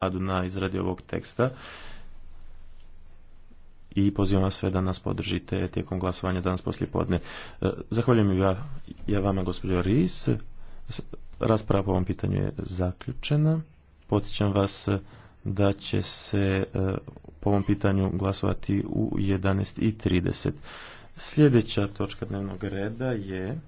radu na izradi ovog teksta i pozivam vas sve da nas podržite tijekom glasovanja danas poslije podne. E, zahvaljujem ja, ja vama, gospođo Ris. Rasprava po ovom pitanju je zaključena. Podsjećam vas e, da će se e, po ovom pitanju glasovati u 11.30. Sljedeća točka dnevnog reda je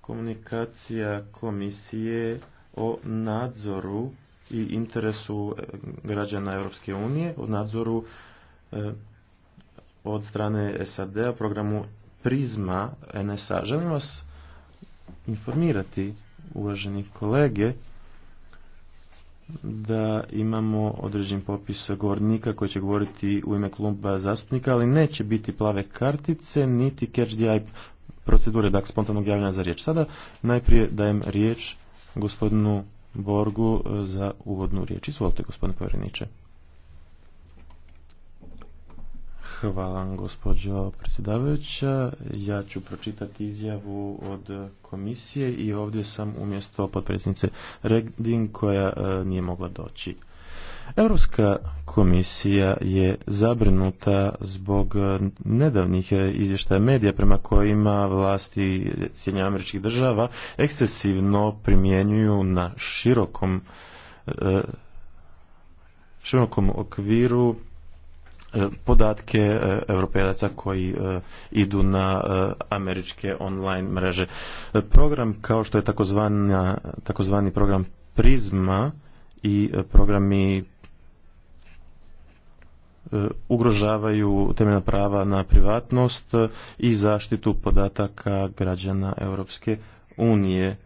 komunikacija komisije o nadzoru i interesu eh, građana Europske unije u nadzoru eh, od strane SAD-a programu Prizma NSA. Želim vas informirati, uvaženi kolege, da imamo određen popis govornika koji će govoriti u ime kluba zastupnika, ali neće biti plave kartice, niti catch the procedure, dakle spontanog javljanja za riječ. Sada najprije dajem riječ gospodinu Borgu e, za uvodnu riječ. Izvolite, gospodine povjereniče. Hvala vam, gospođo predsjedavajuća. Ja ću pročitati izjavu od komisije i ovdje sam umjesto potpredsjednice Regin koja e, nije mogla doći. Europska komisija je zabrinuta zbog nedavnih izvještaja medija prema kojima vlasti Sjedinja američkih država ekscesivno primjenjuju na širokom e, širokom okviru e, podatke e, europejaca koji idu na američke online mreže. Program kao što je takozvani program Prizma i programi E, ugrožavaju temeljna prava na privatnost i zaštitu podataka građana Europske unije.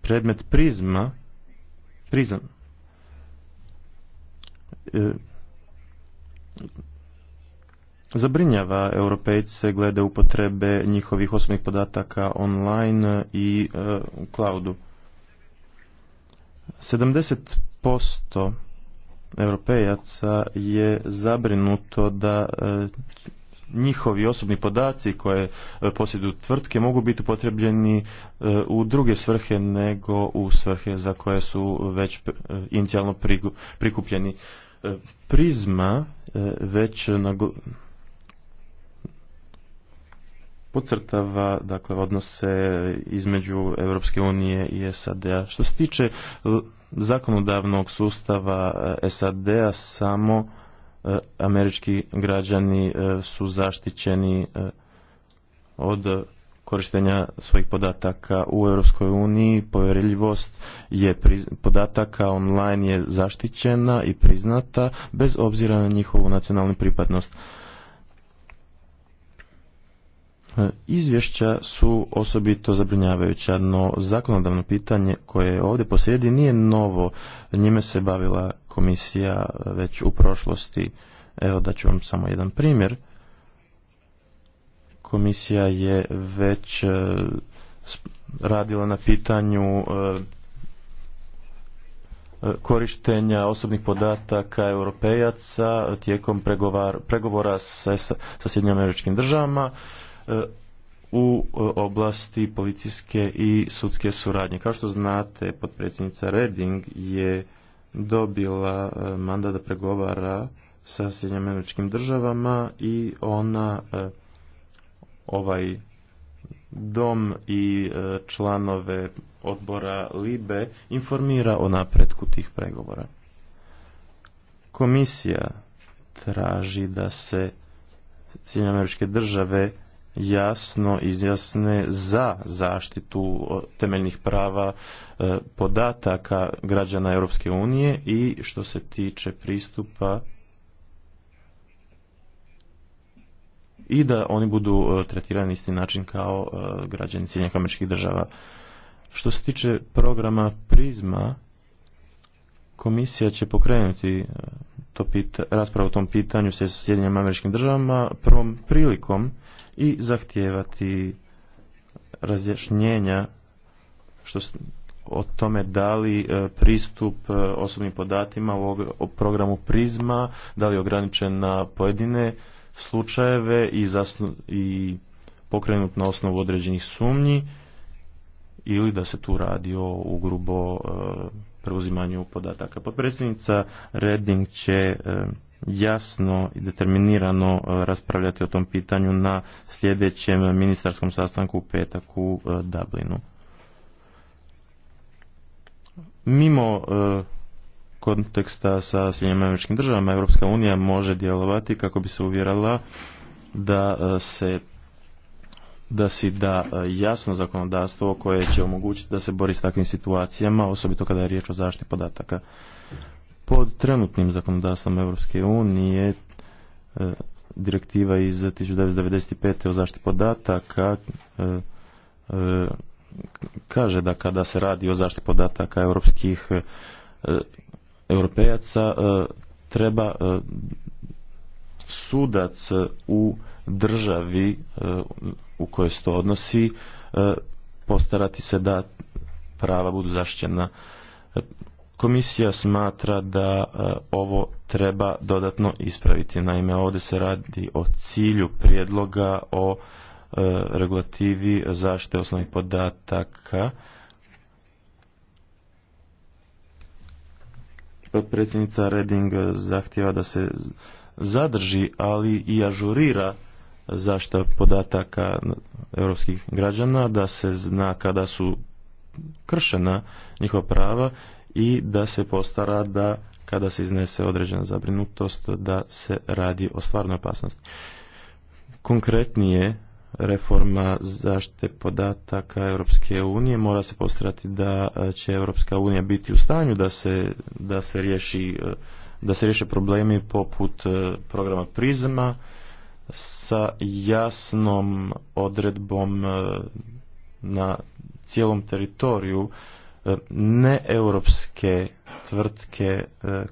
Predmet prizma prizam e, zabrinjava europejce glede upotrebe njihovih osobnih podataka online i e, u cloudu. 70% europejaca je zabrinuto da e, njihovi osobni podaci koje e, posjeduju tvrtke mogu biti upotrebljeni e, u druge svrhe nego u svrhe za koje su već inicijalno prikupljeni. Prizma već podcrtava dakle odnose između Europske unije i SAD-a. Što se tiče zakonodavnog sustava e, SAD-a samo e, američki građani e, su zaštićeni od korištenja svojih podataka u Europskoj uniji, povjerljivost je podataka online je zaštićena i priznata bez obzira na njihovu nacionalnu pripadnost. E, izvješća su osobito zabrinjavajuća, no zakonodavno pitanje koje je ovdje posrijedi nije novo. Njime se bavila komisija e, već u prošlosti. Evo da ću vam samo jedan primjer. Komisija je već e, radila na pitanju korištenja osobnih podataka europejaca tijekom pregovora sa, sa američkim državama. E, u e, oblasti policijske i sudske suradnje. Kao što znate, potpredsjednica Reding je dobila e, mandat da pregovara sa Sjedinjameničkim državama i ona ovaj dom i članove odbora LIBE informira o napretku tih pregovora. Komisija traži da se Sjedinjene države jasno izjasne za zaštitu temeljnih prava e, podataka građana Europske unije i što se tiče pristupa i da oni budu e, tretirani isti način kao e, građani Sjedinjenih američkih država. Što se tiče programa Prizma, komisija će pokrenuti to raspravu o tom pitanju sa Sjedinjenim američkim državama prvom prilikom i zahtijevati razjašnjenja što o tome da li e, pristup e, osobnim podatima u programu Prizma, da li je ograničen na pojedine slučajeve i, i pokrenut na osnovu određenih sumnji ili da se tu radi o ugrubo e, preuzimanju podataka. Potpredsjednica Redding će jasno i determinirano e, raspravljati o tom pitanju na sljedećem ministarskom sastanku u petak u e, Dublinu. Mimo e, konteksta sa Sjedinjenim američkim državama, Europska unija može djelovati kako bi se uvjerala da se da si da jasno zakonodavstvo koje će omogućiti da se bori s takvim situacijama, osobito kada je riječ o zaštiti podataka pod trenutnim zakonodavstvom Europske unije e, direktiva iz 1995. o zaštiti podataka e, e, kaže da kada se radi o zaštiti podataka europskih europejaca treba sudac u državi u kojoj se to odnosi postarati se da prava budu zaštićena Komisija smatra da e, ovo treba dodatno ispraviti. Naime, ovdje se radi o cilju prijedloga o e, regulativi zaštite osnovnih podataka. Predsjednica Reding zahtjeva da se zadrži, ali i ažurira zaštita podataka europskih građana, da se zna kada su kršena njihova prava i da se postara da kada se iznese određena zabrinutost da se radi o stvarnoj opasnosti. Konkretnije reforma zaštite podataka Europske unije mora se postarati da će Europska unija biti u stanju da se, da se riješi da se riješe problemi poput e, programa Prizma sa jasnom odredbom e, na cijelom teritoriju E, neeuropske tvrtke e,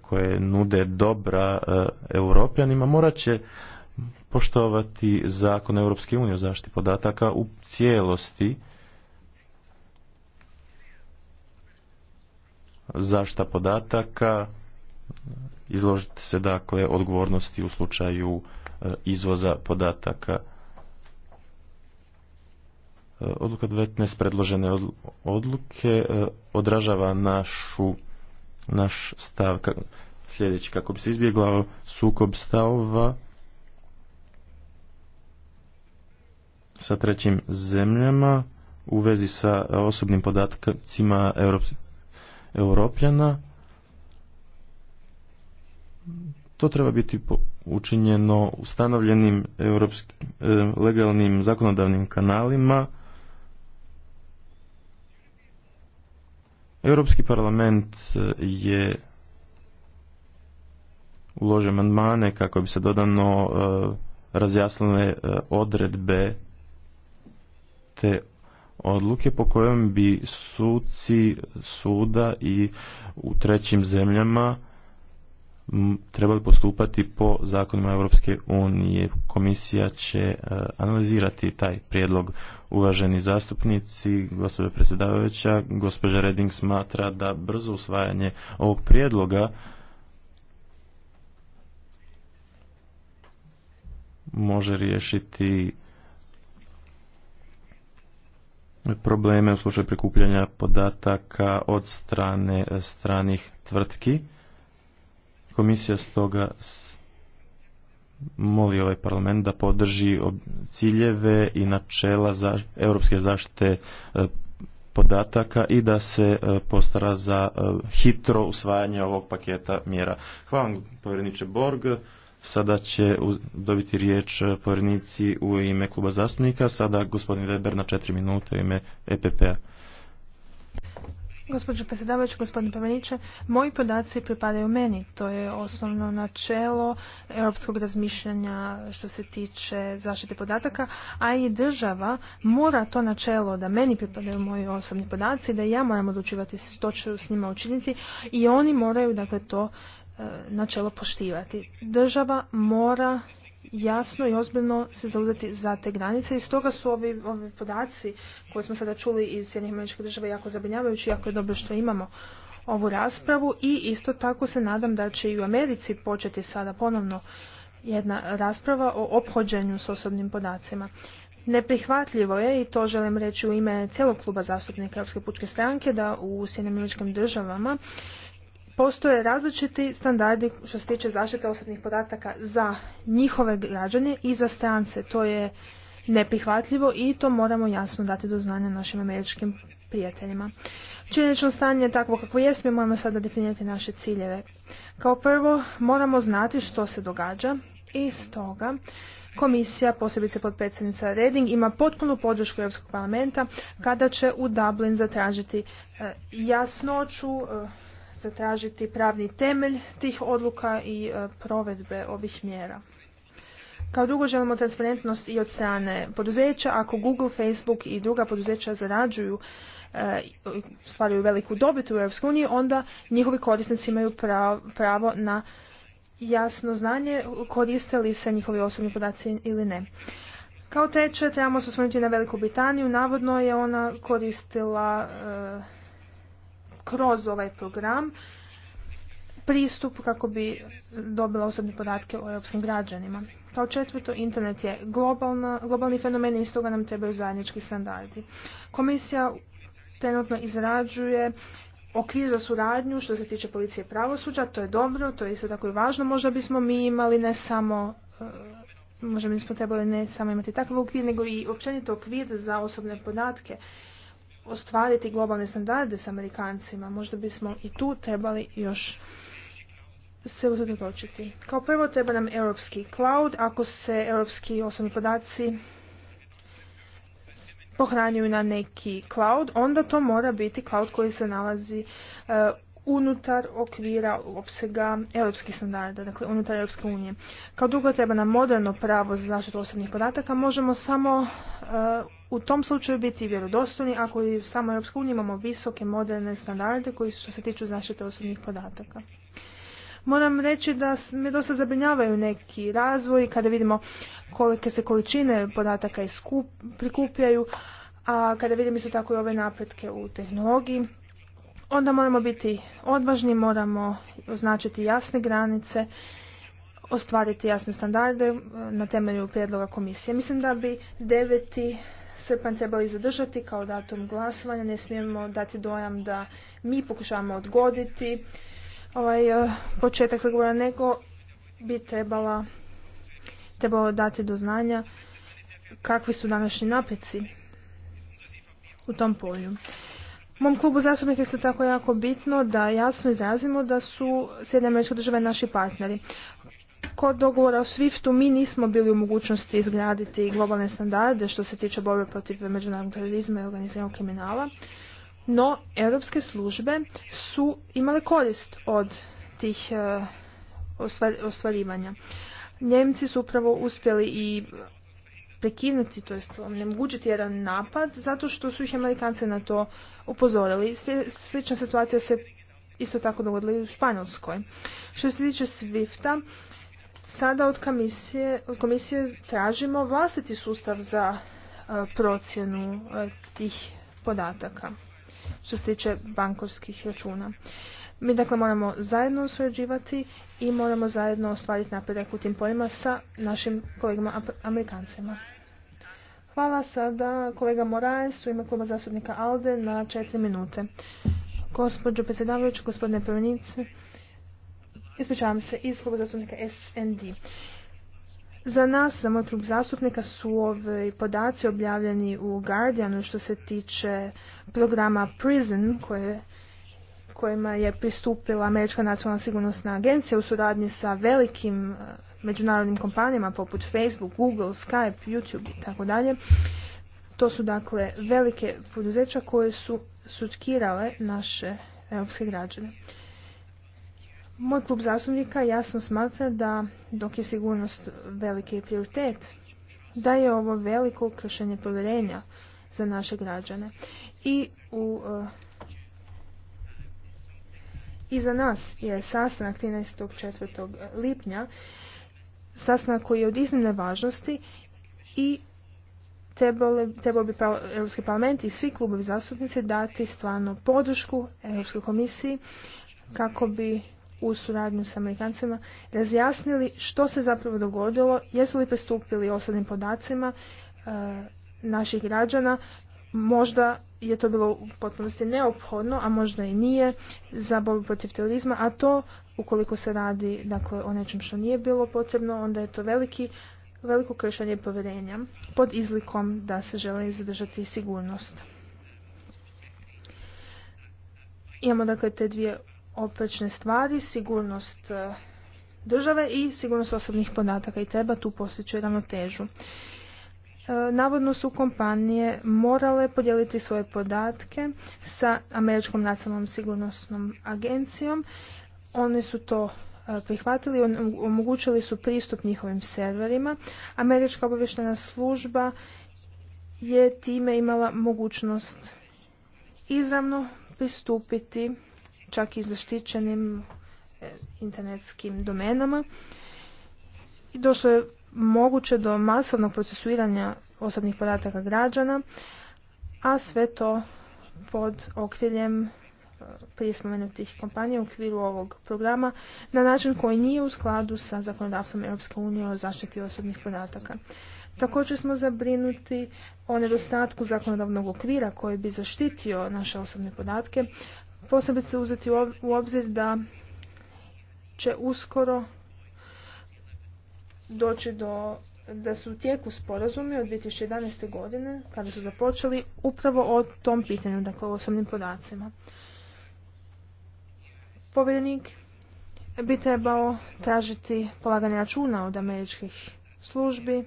koje nude dobra e, europljanima morat će poštovati zakon Europske unije o zaštiti podataka u cijelosti zašta podataka izložiti se dakle odgovornosti u slučaju izvoza podataka E, odluka 19 predložene odluke e, odražava našu, naš stav sljedeći kako bi se izbjegla sukob stavova sa trećim zemljama u vezi sa e, osobnim podatkacima europljana. To treba biti učinjeno ustanovljenim europskim legalnim zakonodavnim kanalima Europski parlament e, je uložio amandmane kako bi se dodano e, razjasnile e, odredbe te odluke po kojom bi suci suda i u trećim zemljama trebali postupati po zakonima Europske unije. Komisija će e, analizirati taj prijedlog. Uvaženi zastupnici, gospođa predsjedavajuća, gospođa Reding smatra da brzo usvajanje ovog prijedloga može riješiti probleme u slučaju prikupljanja podataka od strane stranih tvrtki Komisija stoga moli ovaj parlament da podrži ciljeve i načela za, europske zaštite e, podataka i da se e, postara za e, hitro usvajanje ovog paketa mjera. Hvala vam, povjereniče Borg. Sada će dobiti riječ povjerenici u ime kluba zastupnika. Sada gospodin Weber na četiri minute u ime EPP-a. Gospođo predsjedavajući, gospodine Pavaniće, moji podaci pripadaju meni. To je osnovno načelo europskog razmišljanja što se tiče zaštite podataka, a i država mora to načelo da meni pripadaju moji osobni podaci, da ja moram odlučivati što ću s njima učiniti i oni moraju dakle to e, načelo poštivati. Država mora jasno i ozbiljno se zauzeti za te granice i stoga su ovi, ovi podaci koje smo sada čuli iz Sjednih država jako zabrinjavajući, jako je dobro što imamo ovu raspravu i isto tako se nadam da će i u Americi početi sada ponovno jedna rasprava o ophođenju s osobnim podacima. Neprihvatljivo je, i to želim reći u ime cijelog kluba zastupnika Europske pučke stranke, da u Sjednim državama postoje različiti standardi što se tiče zaštite osobnih podataka za njihove građane i za strance. To je neprihvatljivo i to moramo jasno dati do znanja našim američkim prijateljima. Činjenično stanje je takvo kako jest, mi moramo sada definirati naše ciljeve. Kao prvo, moramo znati što se događa i stoga komisija, posebice potpredsjednica Reding, ima potpunu podršku Europskog parlamenta kada će u Dublin zatražiti e, jasnoću, e, tražiti pravni temelj tih odluka i e, provedbe ovih mjera. Kao drugo želimo transparentnost i od strane poduzeća. Ako Google, Facebook i druga poduzeća zarađuju e, stvaraju veliku dobit u EU, onda njihovi korisnici imaju pravo na jasno znanje koriste li se njihovi osobni podaci ili ne. Kao treće, trebamo se osvrnuti na Veliku Britaniju. Navodno je ona koristila e, kroz ovaj program pristup kako bi dobila osobne podatke o europskim građanima. Kao četvrto, internet je globalni fenomen i stoga nam trebaju zajednički standardi. Komisija trenutno izrađuje okvir za suradnju što se tiče policije i pravosuđa, to je dobro, to je isto tako i važno. Možda bismo mi imali ne samo eh, možda bismo trebali ne samo imati takav okvir, nego i općenito okvir za osobne podatke ostvariti globalne standarde s Amerikancima. Možda bismo i tu trebali još se usredotočiti. Kao prvo treba nam europski cloud. Ako se europski osobni podaci pohranjuju na neki cloud, onda to mora biti cloud koji se nalazi eh, unutar okvira opsega europskih standarda, dakle unutar Europske unije. Kao drugo treba nam moderno pravo za zaštitu osobnih podataka. Možemo samo eh, u tom slučaju biti vjerodostojni ako i u samoj EU imamo visoke moderne standarde koji što se tiču zaštite osobnih podataka. Moram reći da me dosta zabrinjavaju neki razvoj kada vidimo kolike se količine podataka iskup, prikupljaju, a kada vidimo isto tako i ove napretke u tehnologiji, onda moramo biti odvažni, moramo označiti jasne granice, ostvariti jasne standarde e, na temelju prijedloga komisije. Mislim da bi deveti srpanj trebali zadržati kao datum glasovanja. Ne smijemo dati dojam da mi pokušavamo odgoditi ovaj eh, početak pregovora, nego bi trebala, trebalo dati do znanja kakvi su današnji napreci u tom polju. Mom klubu zastupnika je tako jako bitno da jasno izrazimo da su Sjedinjene države naši partneri. Kod dogovora o SWIFT-u mi nismo bili u mogućnosti izgraditi globalne standarde što se tiče borbe protiv međunarodnog terorizma i organiziranog kriminala, no europske službe su imale korist od tih e, ostvarivanja. Njemci su upravo uspjeli i prekinuti, to jest onemogućiti jedan napad, zato što su ih Amerikanci na to upozorili. Slična situacija se isto tako dogodila i u Španjolskoj. Što se tiče Swifta, sada od komisije, tražimo vlastiti sustav za e, procjenu e, tih podataka što se tiče bankovskih računa. Mi dakle moramo zajedno surađivati i moramo zajedno ostvariti napredak u tim poljima sa našim kolegama Amerikancima. Hvala sada kolega Moraes u ime kluba zastupnika ALDE na četiri minute. Gospođo predsjedavajući, gospodine prvenice, Ispričavam se, iz kluba zastupnika SND. Za nas, za moj klub zastupnika, su ovi podaci objavljeni u Guardianu što se tiče programa PRISM koje kojima je pristupila Američka nacionalna sigurnosna agencija u suradnji sa velikim eh, međunarodnim kompanijama poput Facebook, Google, Skype, YouTube i tako dalje. To su dakle velike poduzeća koje su sutkirale naše europske građane. Moj klub zastupnika jasno smatra da dok je sigurnost veliki prioritet, da je ovo veliko kršenje povjerenja za naše građane. I u eh, i za nas je sastanak 13.4. lipnja sastanak koji je od iznimne važnosti i trebao bi Europski parlament i svi klubovi zastupnice dati stvarno podršku Europskoj komisiji kako bi u suradnju s Amerikancima razjasnili što se zapravo dogodilo, jesu li pristupili osobnim podacima eh, naših građana, možda je to bilo u potpunosti neophodno, a možda i nije za borbu protiv terorizma, a to ukoliko se radi dakle, o nečem što nije bilo potrebno, onda je to veliki veliko kršenje povjerenja pod izlikom da se želi zadržati sigurnost. Imamo dakle te dvije oprečne stvari, sigurnost e, države i sigurnost osobnih podataka i treba tu postići ravnotežu. E, navodno su kompanije morale podijeliti svoje podatke sa Američkom nacionalnom sigurnosnom agencijom. One su to e, prihvatili, omogućili su pristup njihovim serverima. Američka obavještajna služba je time imala mogućnost izravno pristupiti čak i zaštićenim e, internetskim domenama. I došlo je moguće do masovnog procesuiranja osobnih podataka građana, a sve to pod okriljem e, prije spomenutih kompanija u okviru ovog programa na način koji nije u skladu sa zakonodavstvom Europske unije o zaštiti osobnih podataka. Također smo zabrinuti o nedostatku zakonodavnog okvira koji bi zaštitio naše osobne podatke posebice uzeti u obzir da će uskoro doći do da su u tijeku sporazumi od 2011. godine, kada su započeli, upravo o tom pitanju, dakle o osobnim podacima. Povjerenik bi trebao tražiti polaganje računa od američkih službi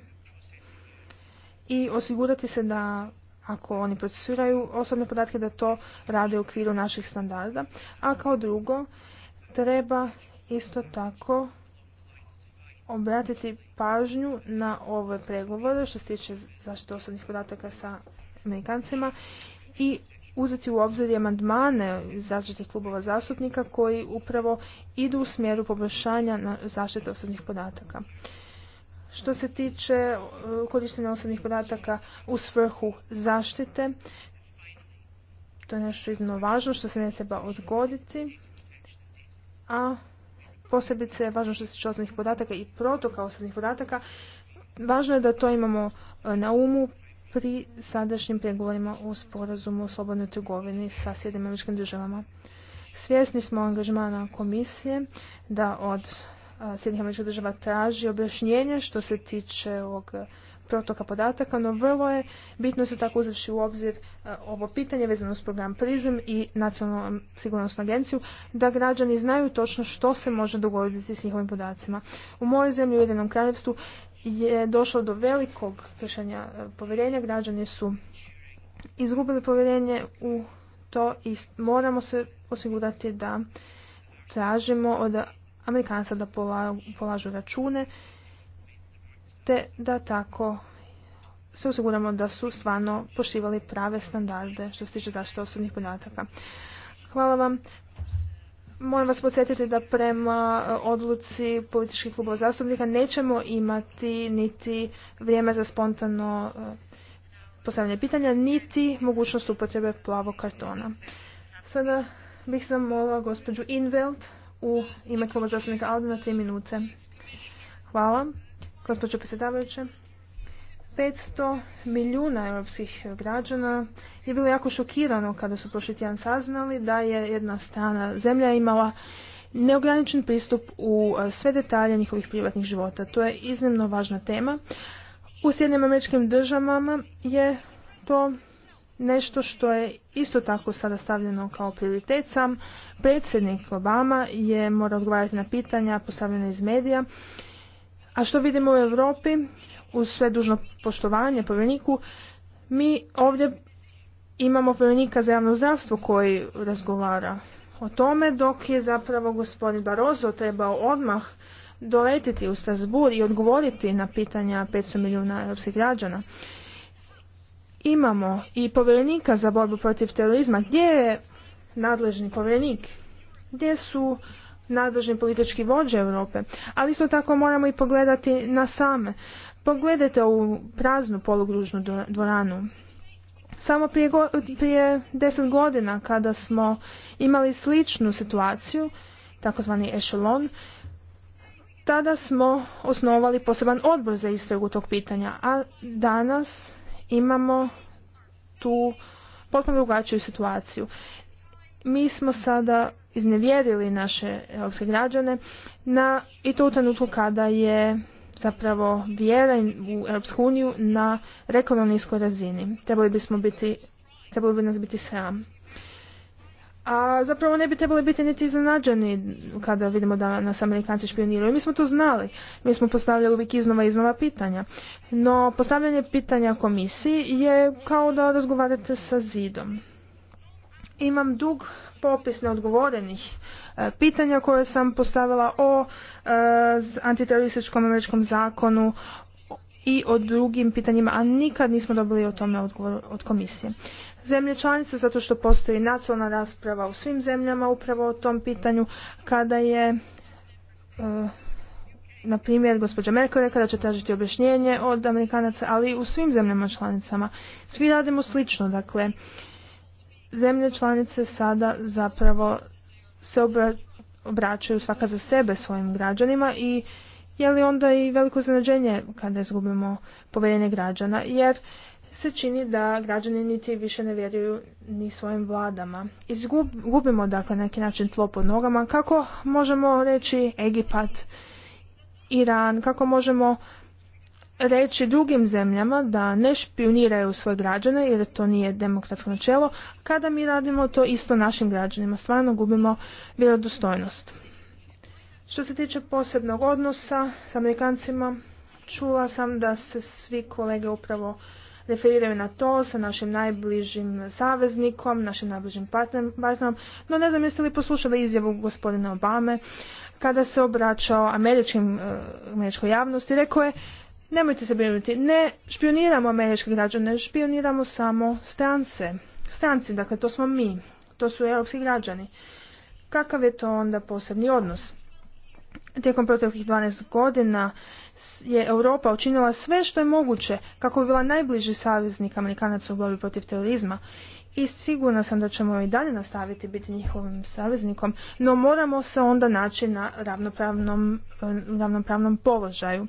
i osigurati se da ako oni procesiraju osobne podatke, da to rade u okviru naših standarda. A kao drugo, treba isto tako obratiti pažnju na ove pregovore što se tiče zaštite osobnih podataka sa Amerikancima i uzeti u obzir amandmane iz klubova zastupnika koji upravo idu u smjeru poboljšanja na zaštite osobnih podataka što se tiče e, korištenja osobnih podataka u svrhu zaštite. To je nešto iznimno važno što se ne treba odgoditi. A posebice je važno što se tiče osobnih podataka i protoka osobnih podataka. Važno je da to imamo e, na umu pri sadašnjim pregovorima u sporazumu o slobodnoj trgovini sa Sjedinim državama. Svjesni smo angažmana komisije da od Sjednih američkih država traži objašnjenje što se tiče ovog protoka podataka, no vrlo je bitno se tako uzavši u obzir ovo pitanje vezano s program PRISM i Nacionalnu sigurnosnu agenciju, da građani znaju točno što se može dogoditi s njihovim podacima. U mojoj zemlji, u Jedinom kraljevstvu, je došlo do velikog kršenja povjerenja. Građani su izgubili povjerenje u to i moramo se osigurati da tražimo od Amerikanca da polažu račune te da tako se osiguramo da su stvarno poštivali prave standarde što se tiče zaštite osobnih podataka. Hvala vam. Moram vas podsjetiti da prema e, odluci političkih klubova zastupnika nećemo imati niti vrijeme za spontano e, postavljanje pitanja, niti mogućnost upotrebe plavog kartona. Sada bih zamolila gospođu Inveld u ime kluba zastupnika Alde na tri minute. Hvala. Gospođo predsjedavajuće. 500 milijuna europskih građana je bilo jako šokirano kada su prošli tjedan saznali da je jedna strana zemlja imala neograničen pristup u e, sve detalje njihovih privatnih života. To je iznimno važna tema. U Sjedinjim američkim državama je to nešto što je isto tako sada stavljeno kao prioritet sam predsjednik Obama je mora odgovarati na pitanja postavljena iz medija a što vidimo u Europi uz sve dužno poštovanje povjereniku mi ovdje imamo povjerenika za javno zdravstvo koji razgovara o tome dok je zapravo gospodin Barozo trebao odmah doletiti u Strasbourg i odgovoriti na pitanja 500 milijuna europskih građana imamo i povjerenika za borbu protiv terorizma, gdje je nadležni povjerenik, gdje su nadležni politički vođe Europe, ali isto tako moramo i pogledati na same. Pogledajte u praznu polugružnu dvoranu. Samo prije, go, prije deset godina kada smo imali sličnu situaciju, takozvani ešelon, tada smo osnovali poseban odbor za istragu tog pitanja, a danas imamo tu potpuno drugačiju situaciju. Mi smo sada iznevjerili naše europske građane na, i to u trenutku kada je zapravo vjera u Europsku uniju na rekordno niskoj razini. Trebali biti, trebali bi nas biti sram. A zapravo ne bi trebali biti niti iznenađeni kada vidimo da nas Amerikanci špioniraju. Mi smo to znali. Mi smo postavljali uvijek iznova i iznova pitanja. No postavljanje pitanja komisiji je kao da razgovarate sa zidom. Imam dug popis neodgovorenih e, pitanja koje sam postavila o e, antiterorističkom američkom zakonu i o drugim pitanjima, a nikad nismo dobili o tome odgovor od komisije zemlje članice zato što postoji nacionalna rasprava u svim zemljama upravo o tom pitanju kada je e, na primjer gospođa Merkel rekla da će tražiti objašnjenje od Amerikanaca, ali u svim zemljama članicama. Svi radimo slično, dakle zemlje članice sada zapravo se obraćaju svaka za sebe svojim građanima i je li onda i veliko zanađenje kada izgubimo povjerenje građana, jer se čini da građani niti više ne vjeruju ni svojim vladama. Gubimo dakle na neki način tlo pod nogama. Kako možemo reći Egipat, Iran, kako možemo reći drugim zemljama da ne špioniraju svoje građane jer to nije demokratsko načelo, kada mi radimo to isto našim građanima, stvarno gubimo vjerodostojnost. Što se tiče posebnog odnosa s Amerikancima, čula sam da se svi kolege upravo referiraju na to sa našim najbližim saveznikom, našim najbližim partnerom, no ne znam jeste li poslušali izjavu gospodina Obame kada se obraćao e, američkoj javnosti, rekao je nemojte se brinuti, ne špioniramo američke građane, špioniramo samo strance. Stranci, dakle to smo mi, to su europski građani. Kakav je to onda posebni odnos? Tijekom proteklih 12 godina je Europa učinila sve što je moguće kako bi bila najbliži saveznik Amerikanaca u borbi protiv terorizma i sigurna sam da ćemo i dalje nastaviti biti njihovim saveznikom, no moramo se onda naći na ravnopravnom, eh, ravnopravnom položaju.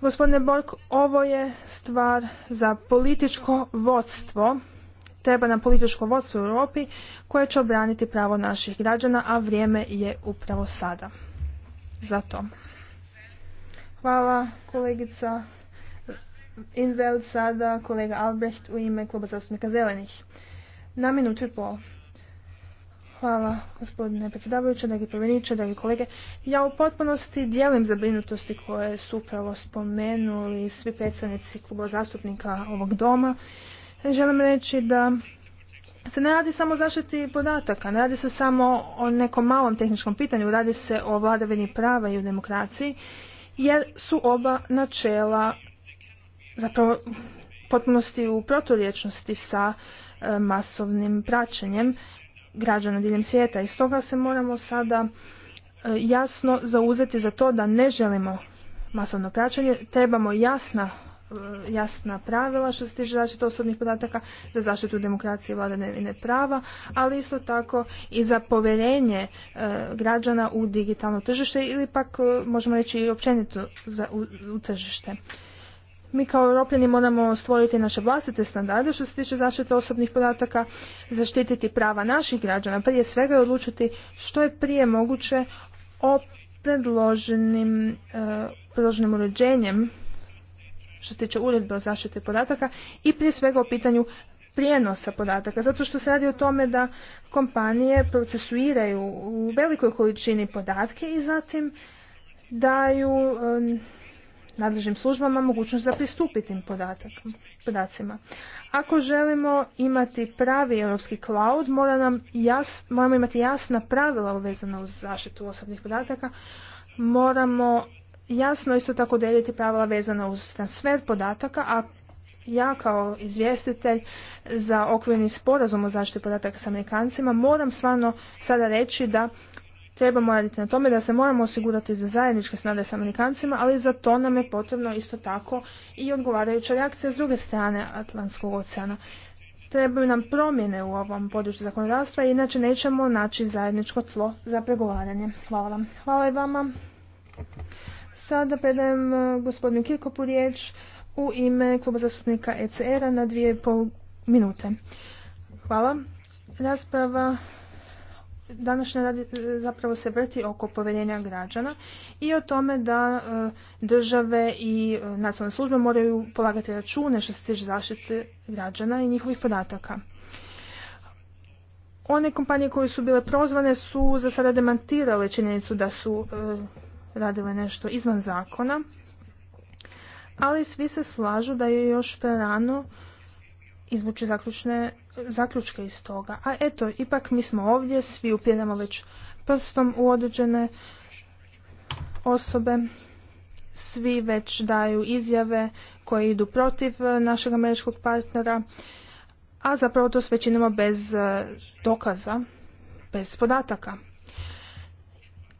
Gospodine Borg, ovo je stvar za političko vodstvo, treba nam političko vodstvo u Europi koje će obraniti pravo naših građana, a vrijeme je upravo sada za to. Hvala kolegica Inveld, sada kolega Albrecht u ime Kluba zastupnika Zelenih. Na minutu i pol. Hvala gospodine predsjedavajuće, dragi proveniče, dragi kolege. Ja u potpunosti dijelim zabrinutosti koje su upravo spomenuli svi predstavnici kluba zastupnika ovog doma. Želim reći da se ne radi samo o zaštiti podataka, ne radi se samo o nekom malom tehničkom pitanju, radi se o vladavini prava i o demokraciji, jer su oba načela zapravo potpunosti u proturječnosti sa e, masovnim praćenjem građana diljem svijeta i stoga se moramo sada e, jasno zauzeti za to da ne želimo masovno praćenje, trebamo jasna E, jasna pravila što se tiče zaštite osobnih podataka za zaštitu demokracije i vladavine prava, ali isto tako i za povjerenje e, građana u digitalno tržište ili pak e, možemo reći i općenito za, u, tržište. Mi kao europljani moramo stvoriti naše vlastite standarde što se tiče zaštite osobnih podataka, zaštititi prava naših građana, prije svega odlučiti što je prije moguće o predloženim uređenjem što se tiče uredbe o zaštiti podataka i prije svega o pitanju prijenosa podataka, zato što se radi o tome da kompanije procesuiraju u velikoj količini podatke i zatim daju um, nadležnim službama mogućnost da pristupi tim podacima. Ako želimo imati pravi europski cloud, nam moramo imati jasna pravila uvezana uz zaštitu osobnih podataka, moramo jasno isto tako deliti pravila vezana uz transfer podataka, a ja kao izvjestitelj za okvirni sporazum o zaštiti podataka s Amerikancima moram stvarno sada reći da trebamo raditi na tome da se moramo osigurati za zajedničke snade s Amerikancima, ali za to nam je potrebno isto tako i odgovarajuća reakcija s druge strane Atlantskog oceana. Trebaju nam promjene u ovom području zakonodavstva, inače nećemo naći zajedničko tlo za pregovaranje. Hvala vam. Hvala i vama. Sada predajem e, gospodinu Kirkopu riječ u ime kluba zastupnika ECR-a na dvije i pol minute. Hvala. Rasprava današnja e, zapravo se vrti oko povjerenja građana i o tome da e, države i nacionalne službe moraju polagati račune što se tiče zaštite građana i njihovih podataka. One kompanije koje su bile prozvane su za sada demantirale činjenicu da su radile nešto izvan zakona, ali svi se slažu da je još prerano izvući zaključne, zaključke iz toga. A eto, ipak mi smo ovdje, svi upiramo već prstom u određene osobe, svi već daju izjave koje idu protiv e, našeg američkog partnera, a zapravo to sve činimo bez e, dokaza, bez podataka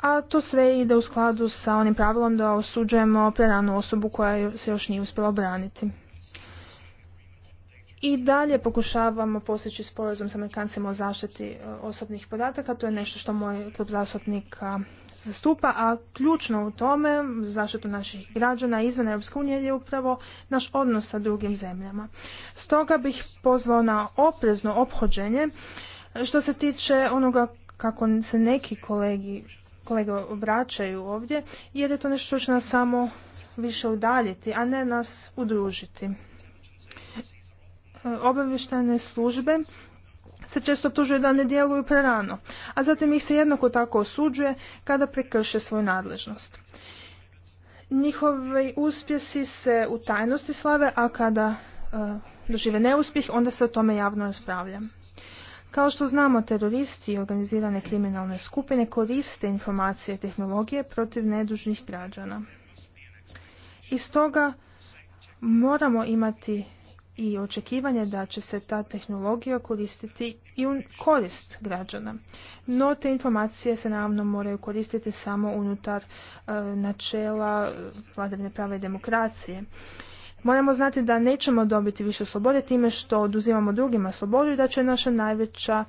a to sve ide u skladu sa onim pravilom da osuđujemo preranu osobu koja se još nije uspjela obraniti. I dalje pokušavamo postići sporazum sa Amerikancima o zaštiti e, osobnih podataka. To je nešto što moj klub zastupnika zastupa, a ključno u tome zaštitu naših građana izvan Europske unije je upravo naš odnos sa drugim zemljama. Stoga bih pozvao na oprezno ophođenje e, što se tiče onoga kako se neki kolegi kolege obraćaju ovdje, jer je to nešto što će nas samo više udaljiti, a ne nas udružiti. E, obavještajne službe se često tužuje da ne djeluju prerano, a zatim ih se jednako tako osuđuje kada prekrše svoju nadležnost. Njihovi uspjesi se u tajnosti slave, a kada e, dožive neuspjeh, onda se o tome javno raspravlja. Kao što znamo, teroristi i organizirane kriminalne skupine koriste informacije i tehnologije protiv nedužnih građana. I stoga moramo imati i očekivanje da će se ta tehnologija koristiti i u korist građana. No te informacije se naravno moraju koristiti samo unutar e, načela e, vladavne prava i demokracije. Moramo znati da nećemo dobiti više slobode time što oduzimamo drugima slobodu i da će naša najveća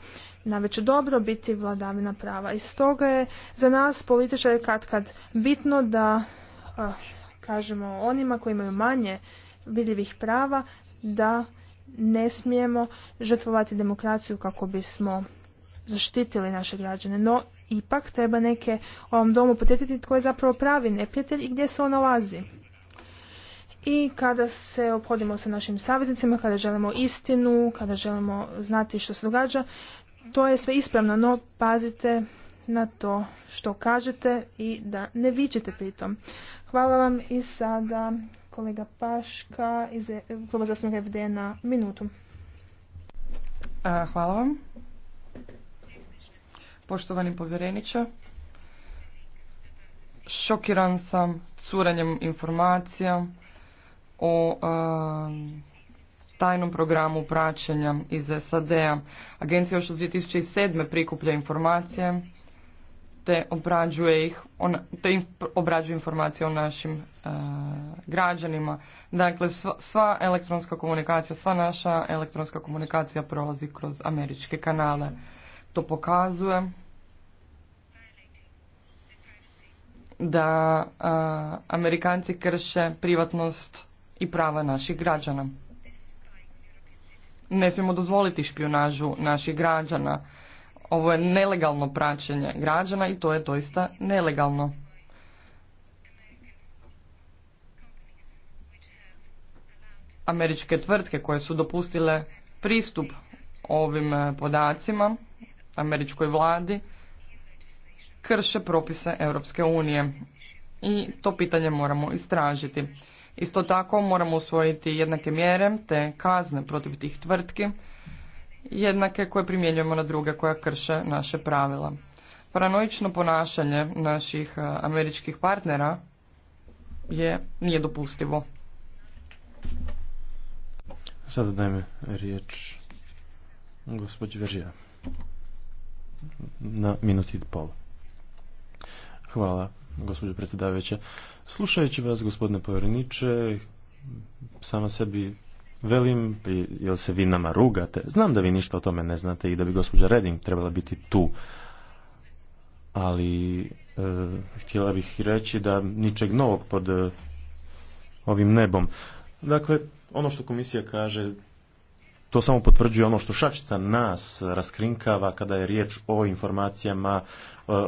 najveće dobro biti vladavina prava. I stoga je za nas političari kad kad bitno da kažemo onima koji imaju manje vidljivih prava da ne smijemo žrtvovati demokraciju kako bismo zaštitili naše građane. No, ipak treba neke ovom domu potetiti tko je zapravo pravi neprijatelj i gdje se on nalazi i kada se obhodimo sa našim saveznicima, kada želimo istinu, kada želimo znati što se događa, to je sve ispravno, no pazite na to što kažete i da ne vičete pritom. Hvala vam i sada kolega Paška iz e- Kluba zastupnika FD na minutu. Hvala vam. Poštovani povjereniče, šokiran sam curanjem informacija, o tajnom programu praćenja iz SAD-a. Agencija još od 2007. prikuplja informacije te obrađuje ih, on, te obrađuje informacije o našim građanima. Dakle, sva, elektronska komunikacija, sva naša elektronska komunikacija prolazi kroz američke kanale. To pokazuje da Amerikanci krše privatnost i prava naših građana. Ne smijemo dozvoliti špionažu naših građana. Ovo je nelegalno praćenje građana i to je doista nelegalno. Američke tvrtke koje su dopustile pristup ovim e, podacima američkoj vladi krše propise Europske unije i to pitanje moramo istražiti. Isto tako moramo usvojiti jednake mjere te kazne protiv tih tvrtki, jednake koje primjenjujemo na druge koja krše naše pravila. Paranoično ponašanje naših e, američkih partnera je nije dopustivo. Sada dajme riječ gospođi na minuti i pol. Hvala gospođo predsjedavajuća. Slušajući vas, gospodine povjereniče, sama sebi velim, jel se vi nama rugate? Znam da vi ništa o tome ne znate i da bi gospođa Reding trebala biti tu. Ali e, htjela bih reći da ničeg novog pod e, ovim nebom. Dakle, ono što komisija kaže to samo potvrđuje ono što šačica nas raskrinkava kada je riječ o informacijama, e,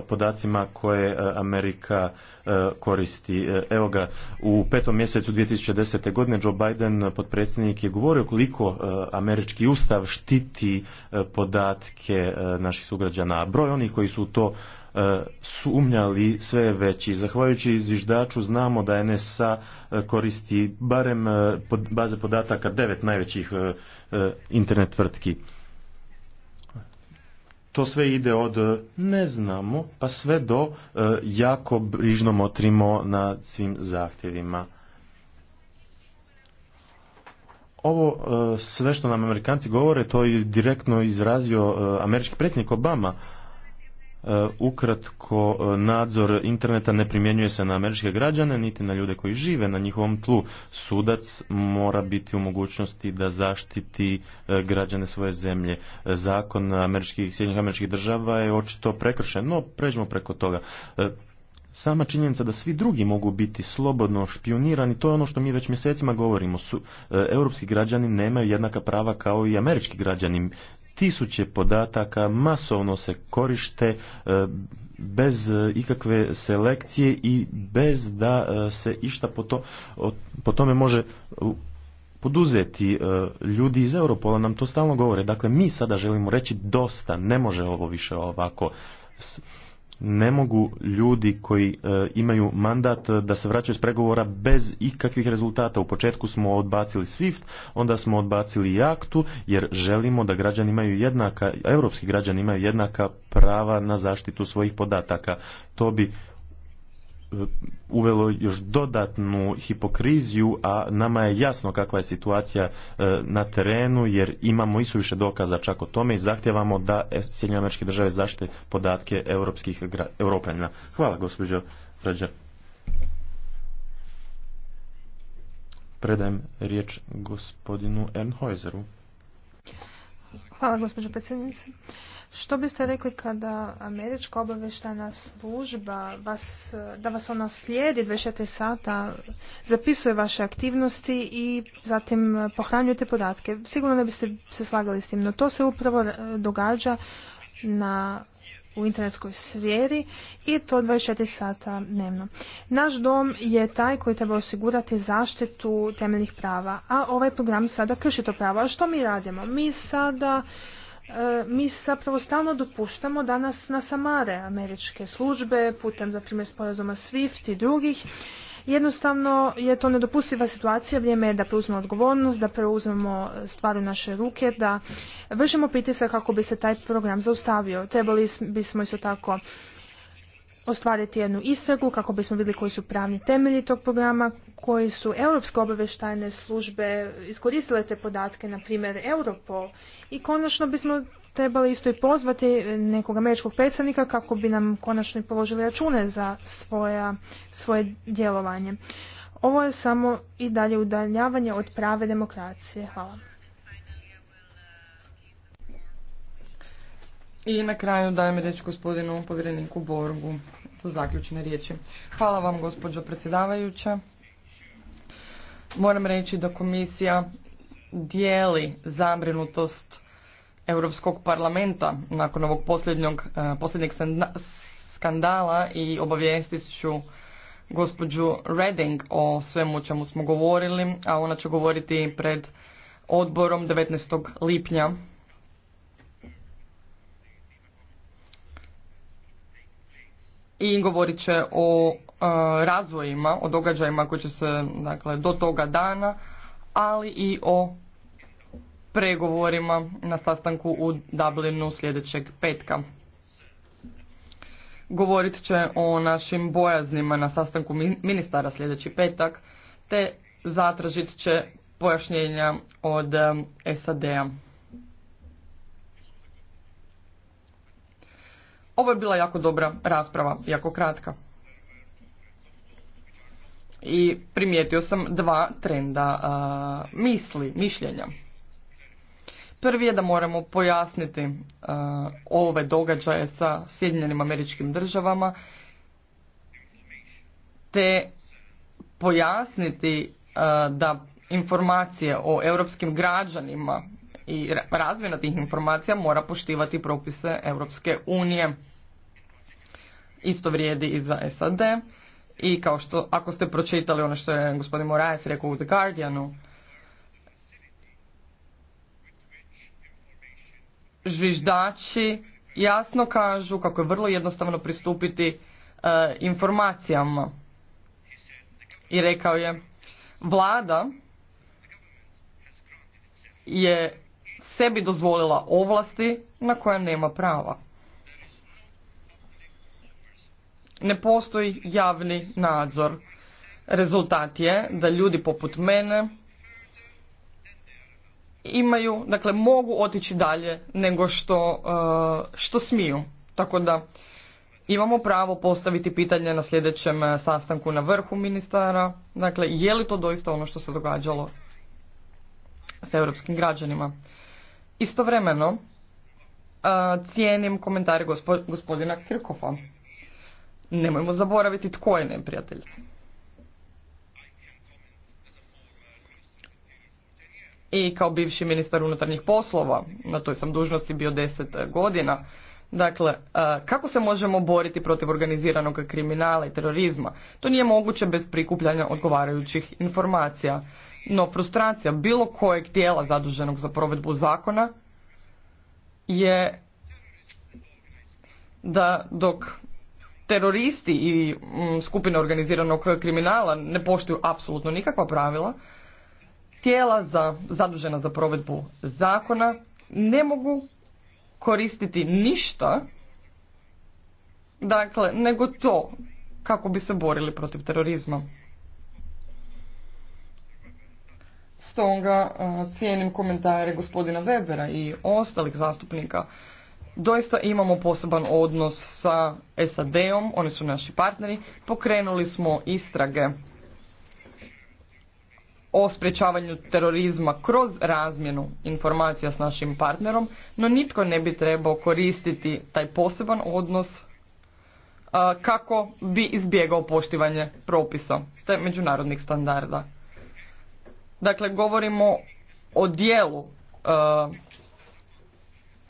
podacima koje e, Amerika e, koristi. Evo ga, u petom mjesecu 2010. godine Joe Biden, potpredsjednik, je govorio koliko američki ustav štiti podatke naših sugrađana. Broj onih koji su to E, sumnjali sve veći. Zahvaljujući zviždaču znamo da NSA e, koristi barem e, baze podataka devet najvećih internet tvrtki. To sve ide od ne znamo pa sve do jako brižno motrimo na svim zahtjevima. Ovo sve što nam Amerikanci govore, to je direktno izrazio američki predsjednik Obama, E, ukratko e, nadzor interneta ne primjenjuje se na američke građane niti na ljude koji žive na njihovom tlu. Sudac mora biti u mogućnosti da zaštiti e, građane svoje zemlje. Zakon američkih, američkih država je očito prekršen, no pređemo preko toga. Sama činjenica da svi drugi mogu biti slobodno špionirani, to je ono što mi već mjesecima govorimo. europski građani nemaju jednaka prava kao i američki građani tisuće podataka masovno se korište e, bez e, ikakve selekcije i bez da e, se išta po, tome može poduzeti ljudi iz Europola nam to stalno govore. Dakle, mi sada želimo reći dosta, ne može ovo više ovako ne mogu ljudi koji e, imaju mandat e, da se vraćaju s pregovora bez ikakvih rezultata. U početku smo odbacili SWIFT, onda smo odbacili jaktu jer želimo da građani imaju jednaka, europski građani imaju jednaka prava na zaštitu svojih podataka. To bi E, uvelo još dodatnu hipokriziju, a nama je jasno kakva je situacija e, na terenu, jer imamo i suviše dokaza čak o tome i zahtjevamo da Sjedinjene američke države zaštite podatke europskih europljana. Hvala, gospođo Rađa. Predajem riječ gospodinu Ernhojzeru. Hvala, gospođo predsjednice. Što biste rekli kada američka obavještajna služba vas, da vas ona slijedi 24 sata, zapisuje vaše aktivnosti i zatim pohranjujete podatke? Sigurno ne biste se slagali s tim, no to se upravo e, događa na u internetskoj sferi i to 24 sata dnevno. Naš dom je taj koji treba osigurati zaštitu temeljnih prava, a ovaj program sada krši to pravo. A što mi radimo? Mi sada E, mi zapravo stalno dopuštamo danas na samare američke službe putem za primjer sporazuma SWIFT i drugih. Jednostavno je to nedopustiva situacija, vrijeme je da preuzmemo odgovornost, da preuzmemo stvari u naše ruke, da vršimo pritisak kako bi se taj program zaustavio. Trebali bismo isto tako ostvariti jednu istragu kako bismo vidjeli koji su pravni temelji tog programa, koji su europske obavještajne službe iskoristile te podatke, na primjer Europol. I konačno bismo trebali isto i pozvati nekog američkog predstavnika kako bi nam konačno i položili račune za svoja, svoje djelovanje. Ovo je samo i dalje udaljavanje od prave demokracije. Hvala. I na kraju dajem riječ gospodinu povjereniku Borgu za zaključne riječi. Hvala vam gospođo predsjedavajuća. Moram reći da komisija dijeli zabrinutost Europskog parlamenta nakon ovog e, posljednjeg, posljednjeg skandala i obavijestit ću gospođu Reding o svemu o čemu smo govorili, a ona će govoriti pred odborom 19. lipnja i govorit će o e, razvojima, o događajima koji će se dakle, do toga dana, ali i o pregovorima na sastanku u Dublinu sljedećeg petka. Govorit će o našim bojaznima na sastanku ministara sljedeći petak, te zatražit će pojašnjenja od e, SAD-a. Ovo je bila jako dobra rasprava, jako kratka. I primijetio sam dva trenda misli, mišljenja. Prvi je da moramo pojasniti ove događaje sa Sjedinjenim američkim državama te pojasniti da informacije o europskim građanima i razmjena tih informacija mora poštivati propise Europske unije. Isto vrijedi i za SAD i kao što, ako ste pročitali ono što je gospodin Moraes rekao u The Guardianu, žviždači jasno kažu kako je vrlo jednostavno pristupiti e, informacijama. I rekao je, vlada je sebi dozvolila ovlasti na koja nema prava. Ne postoji javni nadzor. Rezultat je da ljudi poput mene imaju, dakle mogu otići dalje nego što, eh, što smiju. Tako da imamo pravo postaviti pitanje na sljedećem eh, sastanku na vrhu ministara. Dakle, je li to doista ono što se događalo s europskim građanima? Istovremeno, uh, cijenim komentare gospo, gospodina Kirkofa. Nemojmo zaboraviti tko je neprijatelj. I kao bivši ministar unutarnjih poslova, na toj sam dužnosti bio deset godina, Dakle, uh, kako se možemo boriti protiv organiziranog kriminala i terorizma? To nije moguće bez prikupljanja odgovarajućih informacija. No frustracija bilo kojeg tijela zaduženog za provedbu zakona je da dok teroristi i mm, skupine organiziranog kriminala ne poštuju apsolutno nikakva pravila, tijela za, zadužena za provedbu zakona ne mogu koristiti ništa, dakle, nego to kako bi se borili protiv terorizma. Stoga e, cijenim komentare gospodina Webera i ostalih zastupnika. Doista imamo poseban odnos sa SAD-om, oni su naši partneri. Pokrenuli smo istrage o sprječavanju terorizma kroz razmjenu informacija s našim partnerom, no nitko ne bi trebao koristiti taj poseban odnos e, kako bi izbjegao poštivanje propisa te međunarodnih standarda. Dakle, govorimo o dijelu e,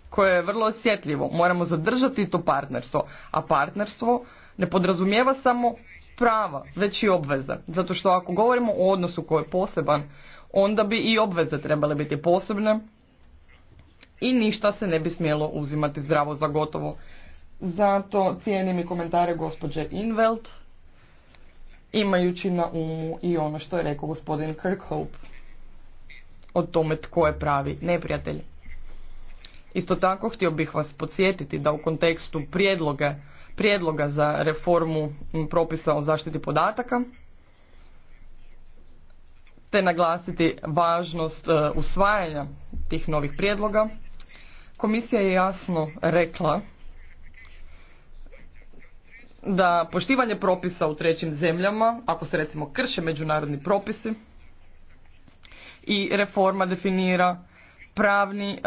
koje je vrlo osjetljivo. Moramo zadržati to partnerstvo, a partnerstvo ne podrazumijeva samo prava, već i obveze. Zato što ako govorimo o odnosu koji je poseban, onda bi i obveze trebale biti posebne i ništa se ne bi smjelo uzimati zdravo za gotovo. Zato cijenim i komentare gospođe Invelt, imajući na umu i ono što je rekao gospodin Kirkhope o tome tko je pravi neprijatelj. Isto tako htio bih vas podsjetiti da u kontekstu prijedloga, prijedloga za reformu propisa o zaštiti podataka te naglasiti važnost e, usvajanja tih novih prijedloga, komisija je jasno rekla da poštivanje propisa u trećim zemljama, ako se recimo krše međunarodni propisi i reforma definira pravni, e,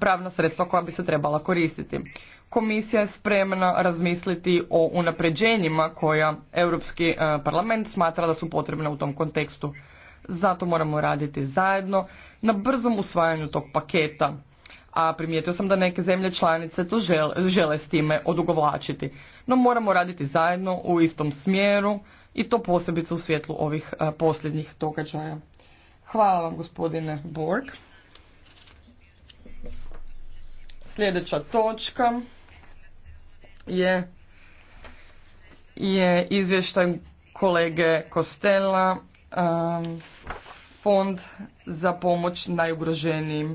pravna sredstva koja bi se trebala koristiti. Komisija je spremna razmisliti o unapređenjima koja Europski e, parlament smatra da su potrebna u tom kontekstu. Zato moramo raditi zajedno na brzom usvajanju tog paketa a primijetio sam da neke zemlje članice to žele, žele s time odugovlačiti. No moramo raditi zajedno u istom smjeru i to posebice u svjetlu ovih posljednjih događaja. Hvala vam gospodine Borg. Sljedeća točka je, je izvještaj kolege Kostela, fond za pomoć najugroženijim.